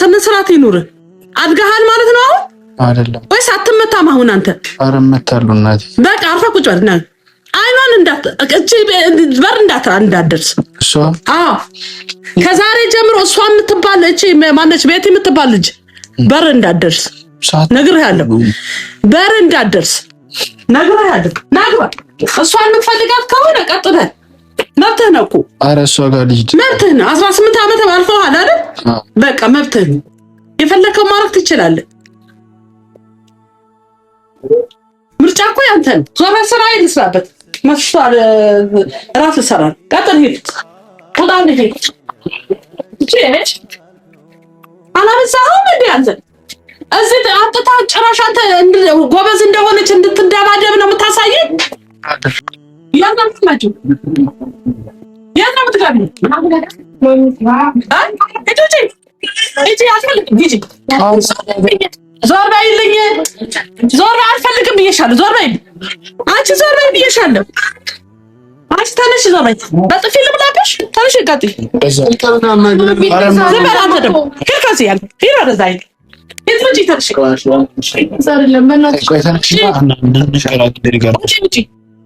ስነ ስርዓት ይኑር። አድጋሃል ማለት ነው አሁን አይደለም ወይስ አትመታም? አሁን አንተ ኧረ እመታለሁ እናቴ። በቃ አርፈህ ቁጭ በል። አይኗን እንዳት እቺ በር እንዳት እንዳደርስ እሷ። አዎ ከዛሬ ጀምሮ እሷ የምትባል እቺ ማነች ቤት የምትባል ልጅ በር እንዳትደርስ ነግሬሃለሁ። በር እንዳትደርስ ነግሬሃለሁ። ናግባ እሷን የምትፈልጋት ከሆነ ቀጥለን መብትህ ነው እኮ። ኧረ እሷ ጋር ልሂድ መብትህ ነው። አስራ ስምንት ዓመት አልፈዋል አይደል? በቃ መብትህ ነው። የፈለከው ማድረግ ትችላለህ። ምርጫ እኮ ያንተ ነው። ዞረ ስራ ይልስራበት መስቷል። ራስ ይሰራል። ቀጥል፣ ሂድ። ቁጣ ልሄ አላበዛህም እንዴ አንተ? እዚህ አጥታ ጭራሽ አንተ ጎበዝ እንደሆነች እንድትደባደብ ነው የምታሳየን። እያንዳንዱ ዞር በይልኝ አንቺ፣ ዞር በይ ብዬሻለሁ። አንቺ ተነሽ፣ ዞር በይ። በጥፊ ልምላብሽ? ተነሽ። ጋጥ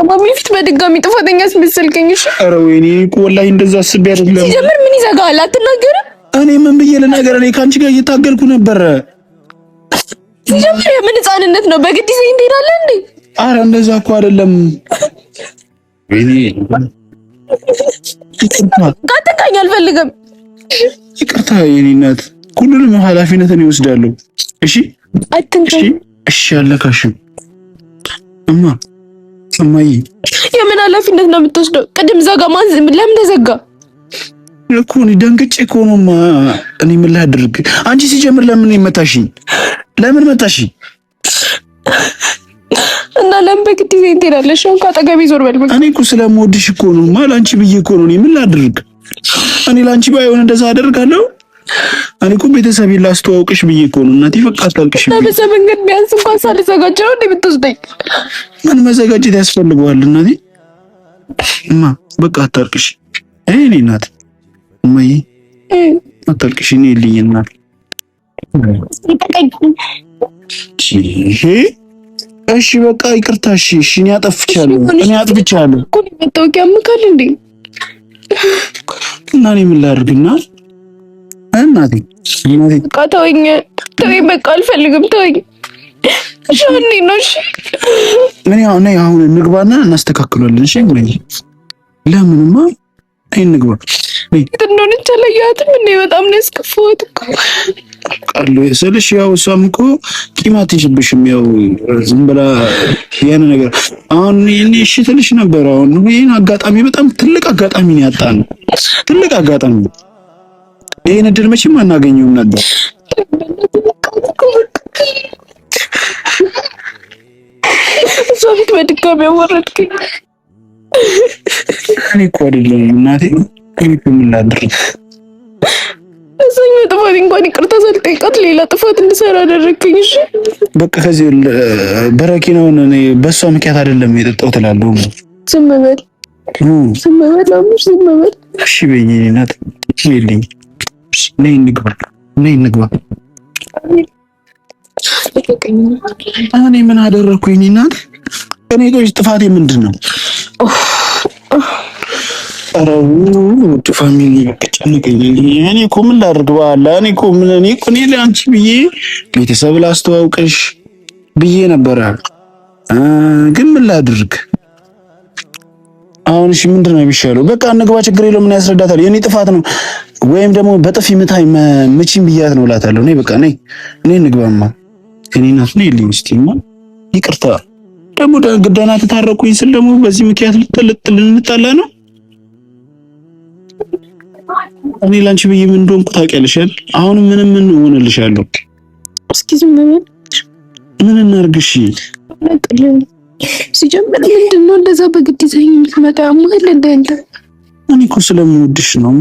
አማሚ ፊት በድጋሚ ጥፋተኛ አስመሰልከኝ። እሺ፣ ኧረ ወይኔ ወላሂ እንደዛ አስቤ አይደለም። ሲጀምር ምን ይዘጋል? አትናገርም። እኔ ምን ብዬ ልናገር? እኔ ከአንቺ ጋር እየታገልኩ ነበር። ሲጀምር የምን ህፃንነት ነው? በግድ ይዘኝ ትሄዳለህ እንዴ? ኧረ እንደዛ እኮ አይደለም። ወይኔ ካጠቃኝ አልፈልግም። ይቅርታ የኔ እናት፣ ሁሉንም ኃላፊነት እኔ እወስዳለሁ። እሺ፣ አትንከኝ። እሺ፣ አለካሽም እማ ሰማይ የምን ኃላፊነት ነው የምትወስደው? ቅድም ዘጋ። ማን ለምን ተዘጋ እኮ? እኔ ደንግጬ እኮ ነው። እኔ ምን ላድርግ? አንቺ ሲጀምር ለምን መታሽኝ? ለምን መታሽኝ? እና ለምን በግድ ይዘኝ ትሄዳለሽ? እንኳን አጠገቤ ዞር በል። እኔ እኮ ስለምወድሽ እኮ ነው፣ ለአንቺ ብዬ እኮ ነው። እኔ ምን ላድርግ? እኔ ለአንቺ ባይሆን እንደዛ አደርጋለሁ እኔ እኮ ቤተሰቤን ላስተዋውቅሽ ብዬ እኮ ነው እናቴ። በቃ አታልቅሽ። ቤተሰብ እንግዲህ ቢያንስ እንኳን ሳልዘጋጀ ነው እንዴ የምትወስደኝ? ምን መዘጋጀት ያስፈልገዋል እናቴ? እማ በቃ አታልቅሽ። እኔ እናት እማዬ አታልቅሽ። እኔ ልኝ እናት እሺ በቃ ይቅርታ። እሺ እሺ፣ እኔ አጠፍቻለሁ፣ እኔ አጥፍቻለሁ። መታወቂያ ምካል እንዴ እና እኔ ምን ላድርግናል እናቴ በቃ ተወኝ፣ ተወኝ፣ በቃ አልፈልግም፣ ተወኝ። ሻኔ ነው እሺ። አሁን እንግባና እናስተካክሏለን። እሺ ለምንማ እንግባ። እንደሆነች አላየኋትም በጣም ነው ያስከፋሁት እኮ ቃሉ ያው እሷም እኮ ቂማት አትይዝብሽም። ያው ዝም ብላ ነገር አሁን እኔ እሺ ትልሽ ነበር። አሁን ይህን አጋጣሚ በጣም ትልቅ አጋጣሚ ነው ያጣነው፣ ትልቅ አጋጣሚ ይህን እድል መቼም አናገኘውም ነበር። እሷ ፊት በድጋሚ ያወረድከኝ እኔ እኮ አይደለም እናቴ የምላደርግ እዛኛ ጥፋት እንኳን ይቅርታ ሳልጠይቃት ሌላ ጥፋት እንድሰራ አደረግከኝ። እሺ በቃ ከዚህ በረኪናውን እኔ በእሷ ምክንያት አይደለም የጠጣው ትላለሁ። ዝም በል ዝም በል አሁን ዝም በል እሺ በይኝ እናት የለኝም ነይ እንግባ፣ ነይ እንግባ። እኔ ምን አደረኩኝ? እናት እኔ ጋር ጥፋቴ ምንድን ነው? ኧረ ውድ ፋሚሊ ጨነቀኝ። እኔ እኮ ምን ላድርግ? በኋላ እኔ እኮ ምን እኔ እኮ እኔ ለአንቺ ብዬ ቤተሰብ ላስተዋውቅሽ ብዬ ነበረ፣ ግን ምን ላድርግ አሁን? እሺ ምንድን ነው የሚሻለው? በቃ እንግባ፣ ችግር የለውም። ምን ያስረዳታል? የእኔ ጥፋት ነው ወይም ደግሞ በጥፊ ምታ ምቺን ብያት ነው እላታለሁ። እኔ በቃ ነኝ እኔ ንግባማ ከኔናስ ነው ይልኝ ስቲማ ይቅርታ ደግሞ ደህና ተታረቁኝ ስል ደግሞ በዚህ ምክንያት ልንጣላ ነው። እኔ ላንቺ ብዬ ምን እንደሆንኩ ታውቂያለሽ አይደል? አሁንም ምንም ምን ሆንልሻለሁ። እስኪ ዝም በል ምን እናርግሽ? ሲጀምር ምንድን ነው እንደዛ በግድ ይዘኝ የምትመጣ ማለት እንደ አንተ እኔ እኮ ስለምወድሽ ነው።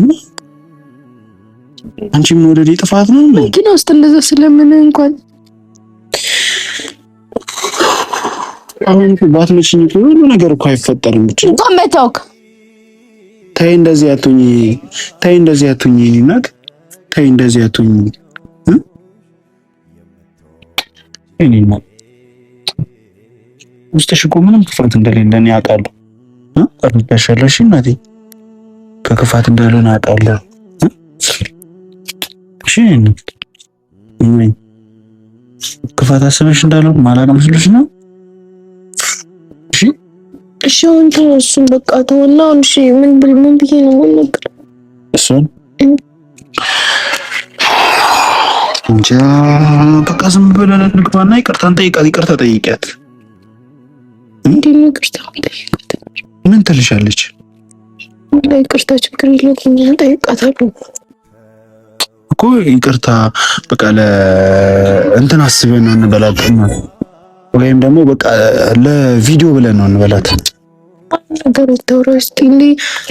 አንቺ መውደድ ጥፋት ነው። መኪና ውስጥ እንደዛ ስለምን እንኳን አሁን ባትመችኝ ሁሉ ነገር እኮ አይፈጠርም። ብቻ እንኳን መታወቅ ተይ፣ እንደዚህ አትሁኝ፣ ተይ፣ እንደዚህ አትሁኝ፣ ይናቅ፣ ተይ፣ እንደዚህ አትሁኝ። እኔማ ውስጥሽ እኮ ምንም ክፋት እንደሌለ እኔ አውቃለሁ። እርዳሻለሽ እናቴ፣ ከክፋት እንዳልሆነ አውቃለሁ። እሺ ክፋት አስበሽ እንዳለው ማላቀም ስልሽ ነው። እሺ እሺ አንተ እሱን በቃ ተወና፣ እሺ ምን ብል ምን ብዬ ነው ነበር እሱን እንጃ በቃ ዝም ብለን እንግባና ይቅርታ እንጠይቃት። ይቅርታ ጠይቂያት። ምን ትልሻለች? ይቅርታ ችግር የለውም፣ እጠይቃታለሁ እኮ ይቅርታ በቃ ለእንትን አስበን ነው እንበላት ወይም ደግሞ በቃ ለቪዲዮ ብለን ነው እንበላት። ነገር ተውራ እስቲ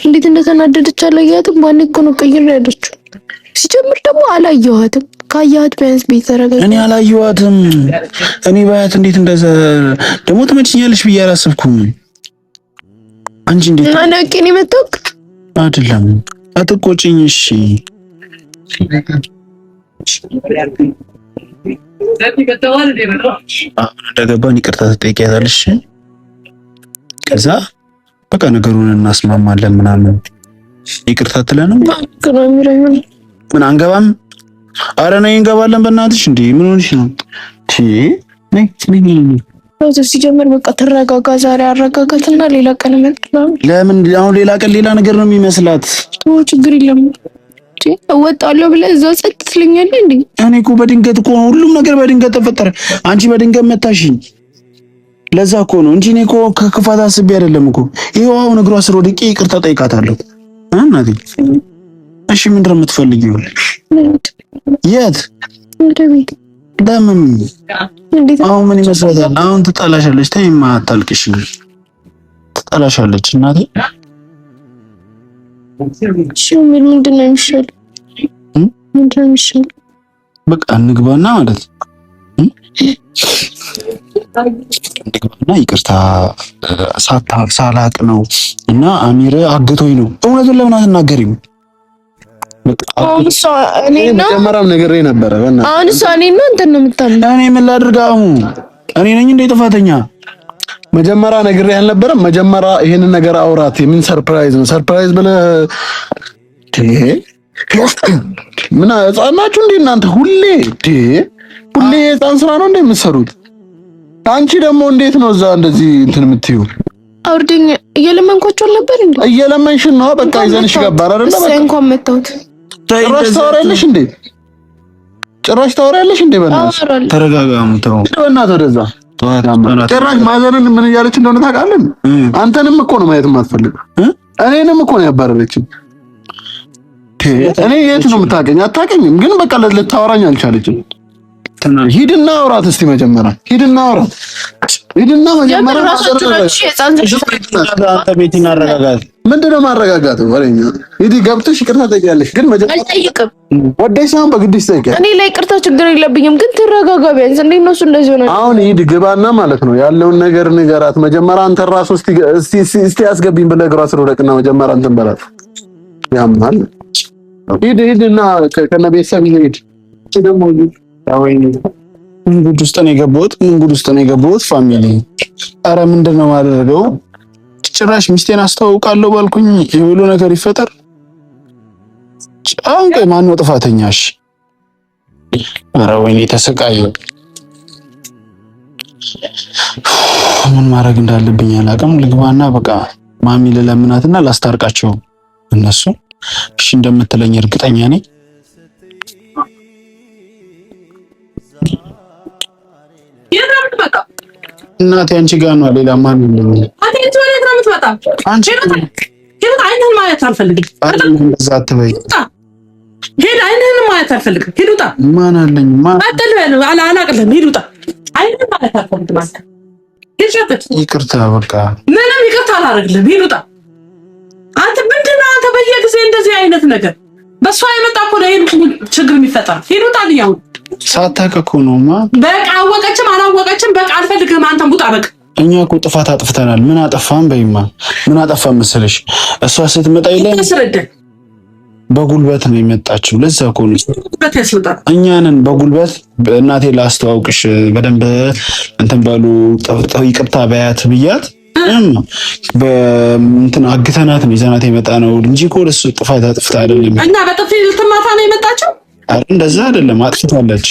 እንዴት እንደተናደደች አላየሃትም? ባኔ እኮ ነው ቀይር ያደች። ሲጀምር ደግሞ አላየኋትም። ካያት ቢያንስ ቤት ተረጋግጥ። እኔ አላየኋትም። እኔ ባያት እንዴት እንደዛ ደግሞ ትመችኛለሽ ብዬ አላሰብኩም። አንቺ እንዴት አናቂኔ መጣክ አይደለም አትቆጭኝ። እሺ እንደገባን ይቅርታ ትጠይቂያታለሽ። ከዛ በቃ ነገሩን እናስማማለን ምናምን ይቅርታ ትለንም ምን አንገባም። አረ ነይ እንገባለን። በእናትሽ እንዴ ምን ሆንሽ ነው ሲጀምር በቃ ተረጋጋ። ዛሬ አረጋጋትና ሌላ ቀን ለምን አሁን ሌላ ቀን ሌላ ነገር ነው የሚመስላት። ችግር የለም ውጭ እወጣለሁ ብለህ እዛ ጸጥ ትለኛለህ እንዴ? እኔ እኮ በድንገት እኮ ሁሉም ነገር በድንገት ተፈጠረ። አንቺ በድንገት መታሽኝ። ለዛ እኮ ነው እንጂ እኔ እኮ ከክፋት አስቤ አይደለም እኮ። ይኸው አሁን እግሯ ስር ወድቄ ይቅርታ ጠይቃታለሁ። እናቴ እሺ፣ ምንድን ነው የምትፈልጊው? የት ለምን? አሁን ምን ይመስላታል? አሁን ትጠላሻለች። ተይማ አታልቅሽ። ትጠላሻለች እናቴ ሹሚር ምንድን ነው የሚሻለው? ምንድን ነው የሚሻለው? በቃ እንግባና ማለት እንግባና ይቅርታ ሳላቅ ነው እና አሚር አግቶኝ ነው። እውነቱን ለምን አትናገሪም? አሁን እሷ እኔና አሁን እሷ እኔና እንትን ነው የምታምነው። እኔ ምን ላድርግ? አሁን እኔ ነኝ እንደ ጥፋተኛ መጀመሪያ ነግሬህ አልነበረም? መጀመሪያ ይሄን ነገር አውራት። የምን ሰርፕራይዝ ነው? ሰርፕራይዝ ብለህ ምን ህፃን ናችሁ እንዴ እናንተ? ሁሌ ሁሌ የህፃን ስራ ነው እንዴ የምትሰሩት? አንቺ ደግሞ እንዴት ነው እዛ እንደዚህ እንትን የምትዩ? አውርድኝ። እየለመንኳቸው ነበር እንዴ? እየለመንሽ ነው። በቃ ይዘንሽ ገባን አይደለ? በቃ እንኳን መጣሁት። ጭራሽ ታወሪያለሽ እንዴ? ጭራሽ ታወሪያለሽ እንዴ? በእናትሽ ተረጋጋሙ። ተው በእናትህ ወደዛ ጭራሽ ማዘርን ምን እያለች እንደሆነ ታውቃለህ? አንተንም እኮ ነው ማየት የማትፈልገው። እኔንም እኮ ነው ያባረረችኝ። እኔ የት ነው የምታውቀኝ? አታውቀኝም። ግን በቃ ልታወራኝ አልቻለችም። ሂድና አውራት እስቲ መጀመሪያ ሂድና አውራት ሂድና መጀመሪያ ምንድን ነው ማረጋጋት ወሬኛ ሂዲ ገብተሽ ይቅርታ ጠይቂያለሽ ግን መጀመሪያ አልጠይቅም ወደሽ ሳይሆን በግድሽ ጠይቂያለሽ እኔ ላይ ይቅርታ ችግር የለብኝም ግን ትረጋጋ ቢያንስ እንዴት ነው እሱ እንደዚህ ሆነ አሁን ሂድ ግባና ማለት ነው ያለውን ነገር ንገራት መጀመሪያ አንተ ራሱ እስቲ እስቲ አስገብኝ ብለህ እግሯ ስር ወደቅና መጀመሪያ እንትን በላት ያማል ሂድ ሂድና ከነ ቤተሰብ ሂድ ደግሞ ምን ጉድ ውስጥ ነው የገባሁት? ምን ጉድ ውስጥ ነው የገባሁት? ፋሚሊ አረ ምንድን ነው የማደርገው? ጭራሽ ሚስቴን አስተዋውቃለሁ ባልኩኝ የሁሉ ነገር ይፈጠር። ጫንቀ ነው ጥፋተኛሽ? አረ ወይኔ ተሰቃየሁ። ምን ማድረግ እንዳለብኝ አላቅም። ልግባና በቃ ማሚ ልለምናትና ላስታርቃቸው እነሱ እሺ እንደምትለኝ እርግጠኛ ነኝ። እናቴ አንቺ ጋር ነው። ሌላ ማን ነው? አንቺ አንቺ አልፈልግም። ማየት ማን አለኝ? ማን አጥል ያለው ይቅርታ በቃ ምንም ይቅርታ አላደርግልህም። ውጣ። አንተ ምንድን ነው አንተ በየጊዜ እንደዚህ አይነት ነገር በሷ የመጣ እኮ ነው ይሄን ችግር የሚፈጠር። ሄድ ውጣ አሁን ሳታውቅ እኮ ነውማ። በቃ አወቀችም አላወቀችም በቃ አልፈልግህም። አንተም ቡጣ በቃ እኛ እኮ ጥፋት አጥፍተናል። ምን አጠፋም? በይማ ምን አጠፋን መሰለሽ? እሷ ስትመጣ ይለ በጉልበት ነው የመጣችው። ለዛ እኮ ነው እኛንን በጉልበት እናቴ ላስተዋውቅሽ በደንብ እንትን በሉ ይቅርታ በያት ብያት እንትን አግተናት ነው ይዘናት የመጣ ነው እንጂ እኮ ለሱ ጥፋት አጥፍታ አይደለም እና በጥፊ ልትማታ ነው የመጣችው አረ እንደዛ አይደለም፣ አጥፍታለች።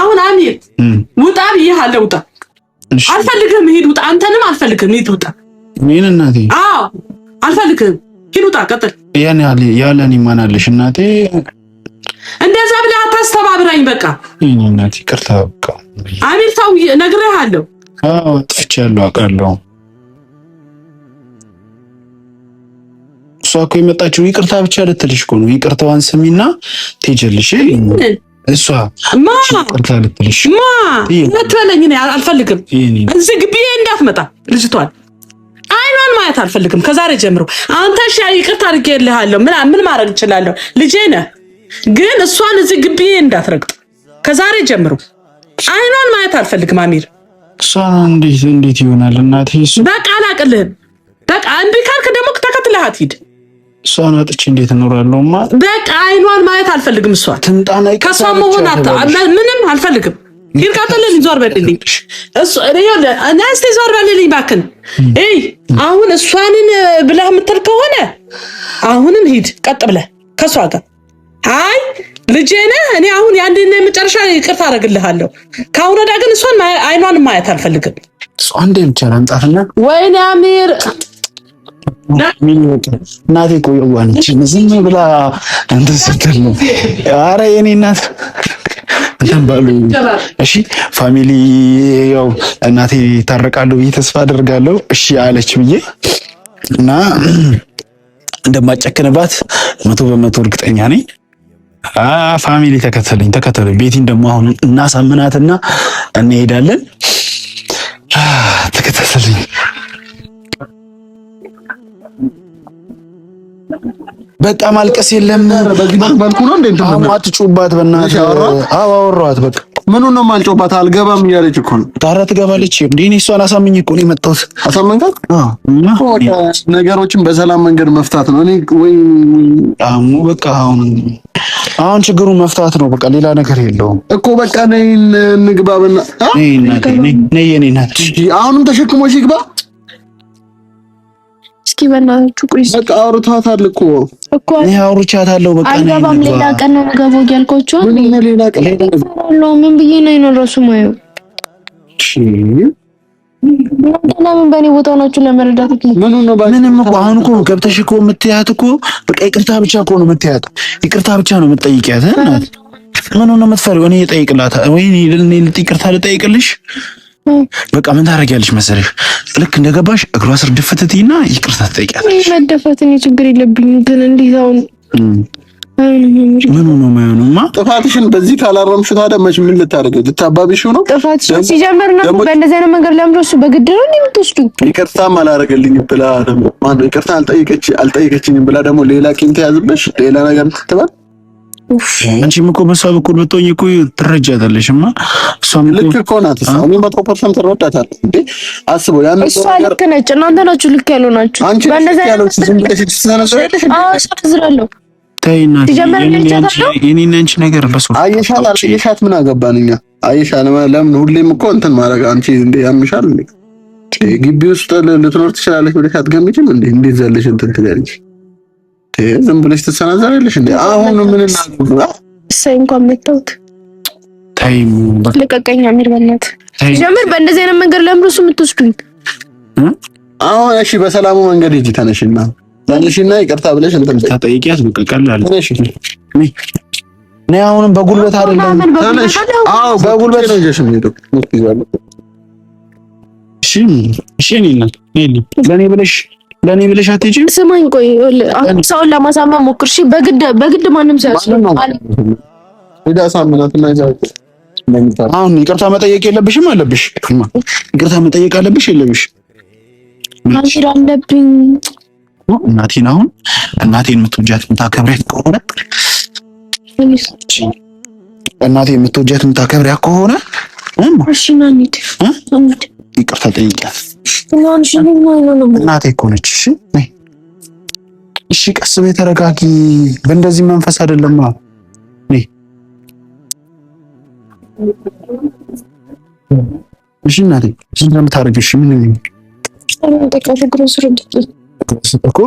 አሁን አሚር ውጣ ብዬሽ አለ። ውጣ አልፈልግህም፣ ሂድ ውጣ። አንተንም አልፈልግህም፣ ሂድ ውጣ። ምን እናቴ? አዎ አልፈልግህም፣ ሂድ ውጣ። ቀጥል። ያን ያለ ያለን ይማናለሽ እናቴ። እንደዛ ብለህ አታስተባብራኝ። በቃ እኔ እናቴ ይቅርታ። በቃ አሚር ተው፣ ነግሬሃለሁ። አዎ አጥፍቻለሁ፣ አውቃለሁ እሷ እኮ የመጣችው ይቅርታ ብቻ ልትልሽ እኮ ነው። ይቅርታዋን ስሚና ትሄጃለሽ። እሷ ይቅርታ ልትልሽ ማ ትበለኝ አልፈልግም። እዚህ ግቢ እንዳትመጣ ልጅቷን አይኗን ማየት አልፈልግም። ከዛሬ ጀምሮ አንተ እሺ፣ ይቅርታ አድርጌልሃለሁ። ምን ምን ማድረግ እችላለሁ? ልጄ ነህ። ግን እሷን እዚህ ግቢ እንዳትረግጥ ከዛሬ ጀምሮ አይኗን ማየት አልፈልግም። አሚር እሷ እንዴት እንዴት ይሆናል እናቴ? በቃ አላቅልህም። በቃ እምቢ ካልክ ደግሞ ተከትለሃት ሂድ። እሷን አጥቼ እንዴት እኖራለሁ? ማ በቃ አይኗን ማየት አልፈልግም። እሷ ትምጣና ከእሷ መሆን ምንም አልፈልግም። ሂድ ዞር በልልኝ። እስኪ ዞር በልልኝ ባክን። እባክህን። አሁን እሷንን ብለህ የምትል ከሆነ አሁንም ሂድ ቀጥ ብለህ ከእሷ ጋር አይ ልጄ ነህ። እኔ አሁን የአንድና የመጨረሻ ይቅርታ አደርግልሃለሁ። ከአሁን ወዲያ ግን እሷን አይኗን ማየት አልፈልግም። አንዴ ብቻ ላምጣትና ወይኔ አሚር እናቴ እኮ የዋህ ነች። ዝም ብላ እንትን ስትል ነው። ኧረ የኔ እናት እንትን በሉ እሺ። ፋሚሊ ያው እናቴ ታረቃለሁ ብዬ ተስፋ አደርጋለሁ። እሺ አለች ብዬ እና እንደማጨክንባት መቶ በመቶ እርግጠኛ ነኝ። ፋሚሊ ተከተለኝ ተከተለኝ። ቤቲን ደግሞ አሁን እናሳምናትና እንሄዳለን። ተከተለኝ በቃ ማልቀስ የለም። በግዳት መልኩ ነው እንዴ እንትም ነው አትጩባት፣ በእናትህ አዎ፣ አወራኋት። በቃ ምኑን ነው የማልጮባት? አልገባም እያለች እኮ ነው። ኧረ ትገባለች እንዴ? እኔ እሷን እኮ ነው የመጣሁት። አሳመንካት? አዎ፣ ነገሮችን በሰላም መንገድ መፍታት ነው። እኔ ወይ አሙ፣ በቃ አሁን አሁን ችግሩ መፍታት ነው። በቃ ሌላ ነገር የለውም እኮ በቃ ነይ እንግባ። ነይ ነይ፣ ነይ፣ ነይ። አሁንም ተሸክሞሽ ይግባ እስኪ በእናታችሁ ቆይ፣ በቃ አውርቷታል እኮ እኮ እኔ አውርቻታለሁ። በቃ አልገባም፣ ሌላ ቀን ነው የምገባው እያልኳቸው ምን ነው ሌላ ቀን ነው ምን ብዬ ነው የኖረሱ ማየው። እሺ ለምን በእኔ ቦታ ሆናችሁ ለመረዳት ምን ነው? ምንም እኮ አሁን እኮ ገብተሽ እኮ የምትያት እኮ በቃ ይቅርታ ብቻ እኮ ነው የምትያት፣ ይቅርታ ብቻ ነው የምትጠይቂያት። ምን ነው የምትፈሪው? እኔ እጠይቅላታ ወይ እኔ ይቅርታ ልጠይቅልሽ በቃ ምን ታደርጊያለሽ መሰለሽ፣ ልክ እንደገባሽ እግሯ ስር ድፍትት እና ይቅርታ ትጠይቂያለሽ። መደፋት እኔ ችግር የለብኝም፣ ግን እንዲህ አሁን ምኑ ነው የማይሆንማ። ጥፋትሽን በዚህ ካላረምሽ ታዲያ መች ምን ልታደርገው? ልታባቢሽው ነው ጥፋትሽን። ሲጀምር ነው በእንደዚህ አይነት መንገድ ለምዶ እሱ በግድ ነው የምትወስዱ። ይቅርታም አላደረገልኝም ብላ ደግሞ ማነው ይቅርታ አልጠየቀችኝም ብላ ደግሞ ሌላ ቂም ተያዝበሽ ሌላ ነገር ትትበል አንቺም እኮ በሷ በኩል ብትሆኝ እኮ ትረጃታለሽ ማ እሷም ልክ እኮ ናት። እሷ እኔ መቶ ፐርሰንት እረዳታለሁ እንዴ አስበው። ያን እሷ ልክ ነች፣ እናንተ ናችሁ ልክ ያለው ናችሁ። አንቺ ልክ ያለው ዝም ብለሽ ትሰነዘረለሽ። አዎ እሷ ትዝላለሁ። ተይና የኔና አንቺ ነገር በሱ አየሻት አልየሻት ምን አገባን እኛ። አየሻ ለምን ሁሌም እኮ እንትን ማድረግ አንቺ እንዴ ያምሻል እንዴ? ግቢ ውስጥ ልትኖር ትችላለች ብለሽ አትገምጭም? እንዴ? እንዴት ዘለሽ እንትን ትገልጪ ዝም ብለሽ ትሰናዘራለሽ እንዴ? አሁን ምን እናደርግ? እሰይ እንኳን መታወት ታይም ልቀቀኝ አሚር፣ በእናትህ ጀምር። በእንደዚህ አይነት መንገድ ለምንድን እሱ የምትወስዱኝ? አሁን እሺ፣ በሰላሙ መንገድ ሂጂ። ተነሽና ተነሽና ይቅርታ ብለሽ እንትን ታጠይቂያት። በቃ ቀላል ነሽ። ነይ አሁንም በጉልበት አይደለም። ተነሽ። አዎ በጉልበት ነው ይዤሽ የምሄደው። እሺ፣ እሺ፣ እኔ ነኝ ለእኔ ብለሽ ለእኔ ብለሽ አትሄጂም። ስማኝ፣ ቆይ ሰውን ለማሳመን ሞክር። እሺ፣ በግድ በግድ ማንም ሰው አሁን ይቅርታ መጠየቅ የለብሽም አለብሽ? ይቅርታ መጠየቅ አለብሽ የለብሽ? ማሽር አለብኝ። እናቴን አሁን እናቴን የምትወጃት የምታከብሪያት ከሆነ እናቴ የምትወጃት የምታከብሪያት ከሆነ ይቅርታ ጠይቂያት እናቴ እኮ ነች። እሺ እሺ፣ ቀስ በይ ተረጋጊ። በእንደዚህ መንፈስ አይደለም ነው እሺ እናቴ እሺ እንደምታደርጊ እሺ ምን እኮ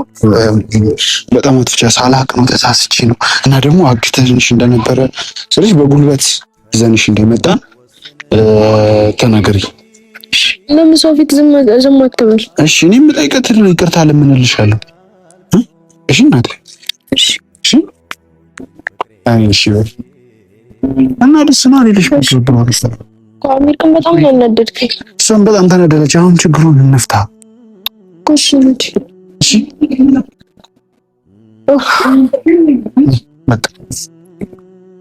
በጣም ወጥቻ ሳላቅ ነው ተሳስቼ ነው። እና ደግሞ አግተንሽ እንደነበረ ስለዚህ በጉልበት ዘንሽ እንደመጣ ተናገሪ። ለምን ሰው ፊት ዝም ዝም አትበል? እሺ እኔ የምጠይቀት ይቅርታ ልምንልሻለሁ። እሺ እናቴ፣ እሺ እሺ። አይ እሺ በል እና ደስ ነው አለልሽ። አሚር ግን በጣም ያናደድከኝ። እሷም በጣም ተናደደች። አሁን ችግሩን እንፍታ። እሺ እሺ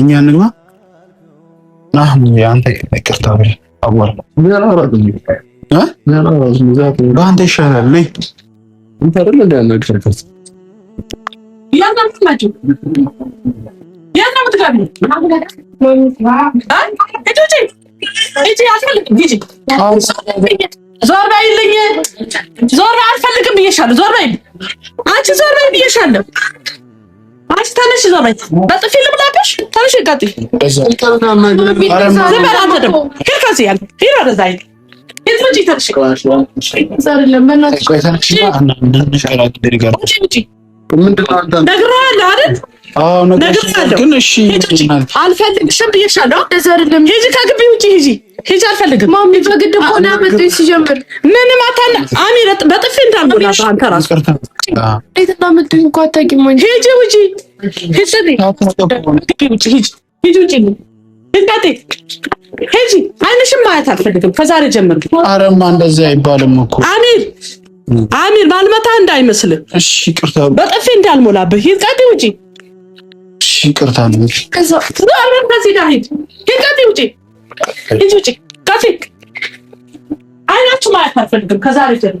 እኛ እንግባ። አሁን ያንተ ይቅርታ በል በአንተ ይሻላል። ነይ አንተ አይደል እንደ ያናግረከስ ዞር በይልኝ፣ ዞር አልፈልግም ብዬሻለሁ። ዞር በይልኝ አንቺ ዞር በይ ብዬሻለሁ። አንቺ ተነሽ፣ እዛ በጥፊ ልብላብሽ። ተነሽ፣ ጋጥ ከግቢ ውጪ ሂጂ፣ ሂጂ። አልፈልግም። ማሚ በግድ ሆነ ሲጀምር ምንም አታና በጥፊ አንተ ራስህ እንዴት እንዳመጡኝ እኮ አታውቂም። ሂጂ ውጪ፣ ሂጂ። አይንሽም ማየት አልፈልግም ከዛሬ ጀምር። አረማ እንደዚህ አይባልም እኮ አሚር፣ አሚር ባልመታ እንዳይመስልህ። እሺ፣ ይቅርታ። በጥፊ እንዳልሞላብህ ሂድ፣ ውጪ። እሺ፣ ይቅርታ። አይናችሁ ማየት አልፈልግም ከዛሬ ጀምር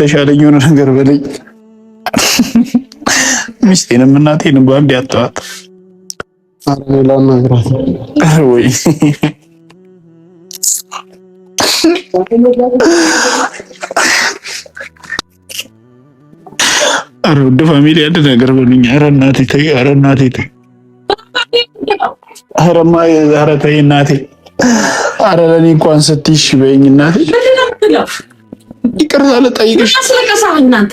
ተሻለኝ የሆነ ነገር በለኝ። ሚስቴንም እናቴንም በአንድ ያጠዋት ወይ አረ ውድ ፋሚሊ አንድ ነገር በሉኝ። አረ እናቴ ተይ፣ አረ እናቴ ተይ፣ አረ ማ አረ ተይ እናቴ፣ አረ ለእኔ እንኳን ስትይ እሺ በይኝ እናቴ ይቅርታ ልጠይቅሽ አስለቀሳህ። እናንተ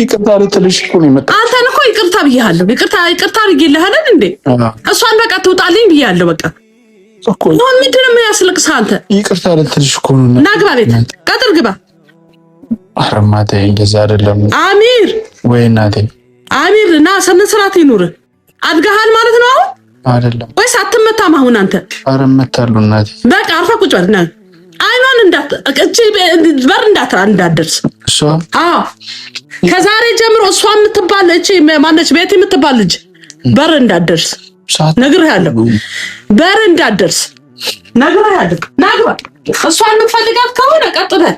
ይቅርታ ልትልሽ እኮ ነው የመጣሁት። አንተን እኮ ይቅርታ ብያለሁ። ይቅርታ ይቅርታ አድርጌልሃል እንዴ? እሷን በቃ ትውጣልኝ ብያለሁ። በቃ እኮ ምን ምንድን ምን ያስለቅስህ አንተ? ይቅርታ ልትልሽ እኮ ነው። ና ግባ፣ ቤት ቀጥር ግባ። ኧረ ማታ እንደዛ አይደለም አሚር። ወይ እናቴ አሚር፣ ና ስነ ስርዓት ይኑርህ። አድገሃል ማለት ነው አሁን አይደለም ወይስ አትመታም አሁን አንተ? ኧረ እመታለሁ እናቴ። በቃ አርፈህ ቁጭ በል አይኗን በር እንዳትራ እንዳደርስ ከዛሬ ጀምሮ እሷ የምትባል እቺ ማነች ቤት የምትባል ልጅ በር እንዳደርስ ነግር ነግሬሃለሁ። በር እንዳደርስ ነግር ነግሬሃለሁ። ናግባ እሷን የምትፈልጋት ከሆነ ቀጥተህ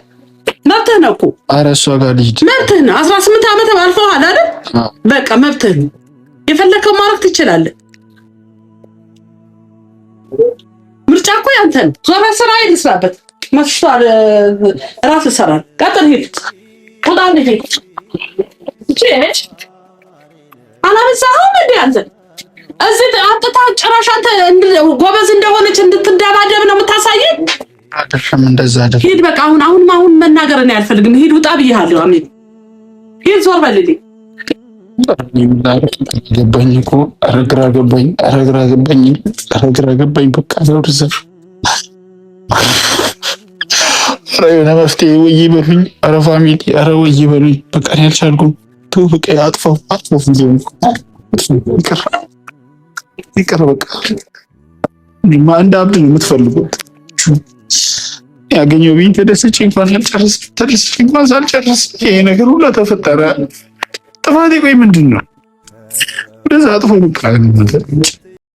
መብትህ ነው እኮ ኧረ እሷ ጋር ልጅ መብትህ ነው። አስራ ስምንት ዓመት አልፈዋል አይደል? በቃ መብትህ ነው። የፈለከው ማድረግ ትችላለህ። ምርጫ እኮ ያንተ ነው። ዞረ ስራ ይልስራበት መሽቷል። ራስ ይሰራል። ቀጥል፣ ሂድ ቁጣ ሂድ። አላበዛኸውም እንዴ አንተ? እዚህ አጥታ ጭራሽ አንተ ጎበዝ እንደሆነች እንድትደባደብ ነው የምታሳየ አደረም እንደዛ አደረ። ሂድ በቃ አሁን አሁን አሁን መናገር እኔ አልፈልግም። ሂድ፣ ውጣ ብያለሁ። አሜን። ሂድ፣ ዞር በልልኝ። ገባኝ እኮ ኧረ ግራ ገባኝ፣ ኧረ ግራ ገባኝ፣ ኧረ ግራ ገባኝ። በቃ ዘውር ዘር ኧረ የሆነ መፍትሄ ወይ በሉኝ። ኧረ ፋሚሊ ኧረ ወይ በሉኝ። በቃ እኔ አልቻልኩም። ቱ በቃ አጥፋው አጥፋው። ይቅር ይቅር። በቃ እንደ አብድ ነው የምትፈልጉት። ያገኘው ብኝ ተደስቼ እንኳን ልጨርስ ተደስቼ እንኳን ሳልጨርስ ይሄ ነገር ሁላ ተፈጠረ። ጥፋቴ ቆይ ምንድን ነው? ወደዛ አጥፎ በቃ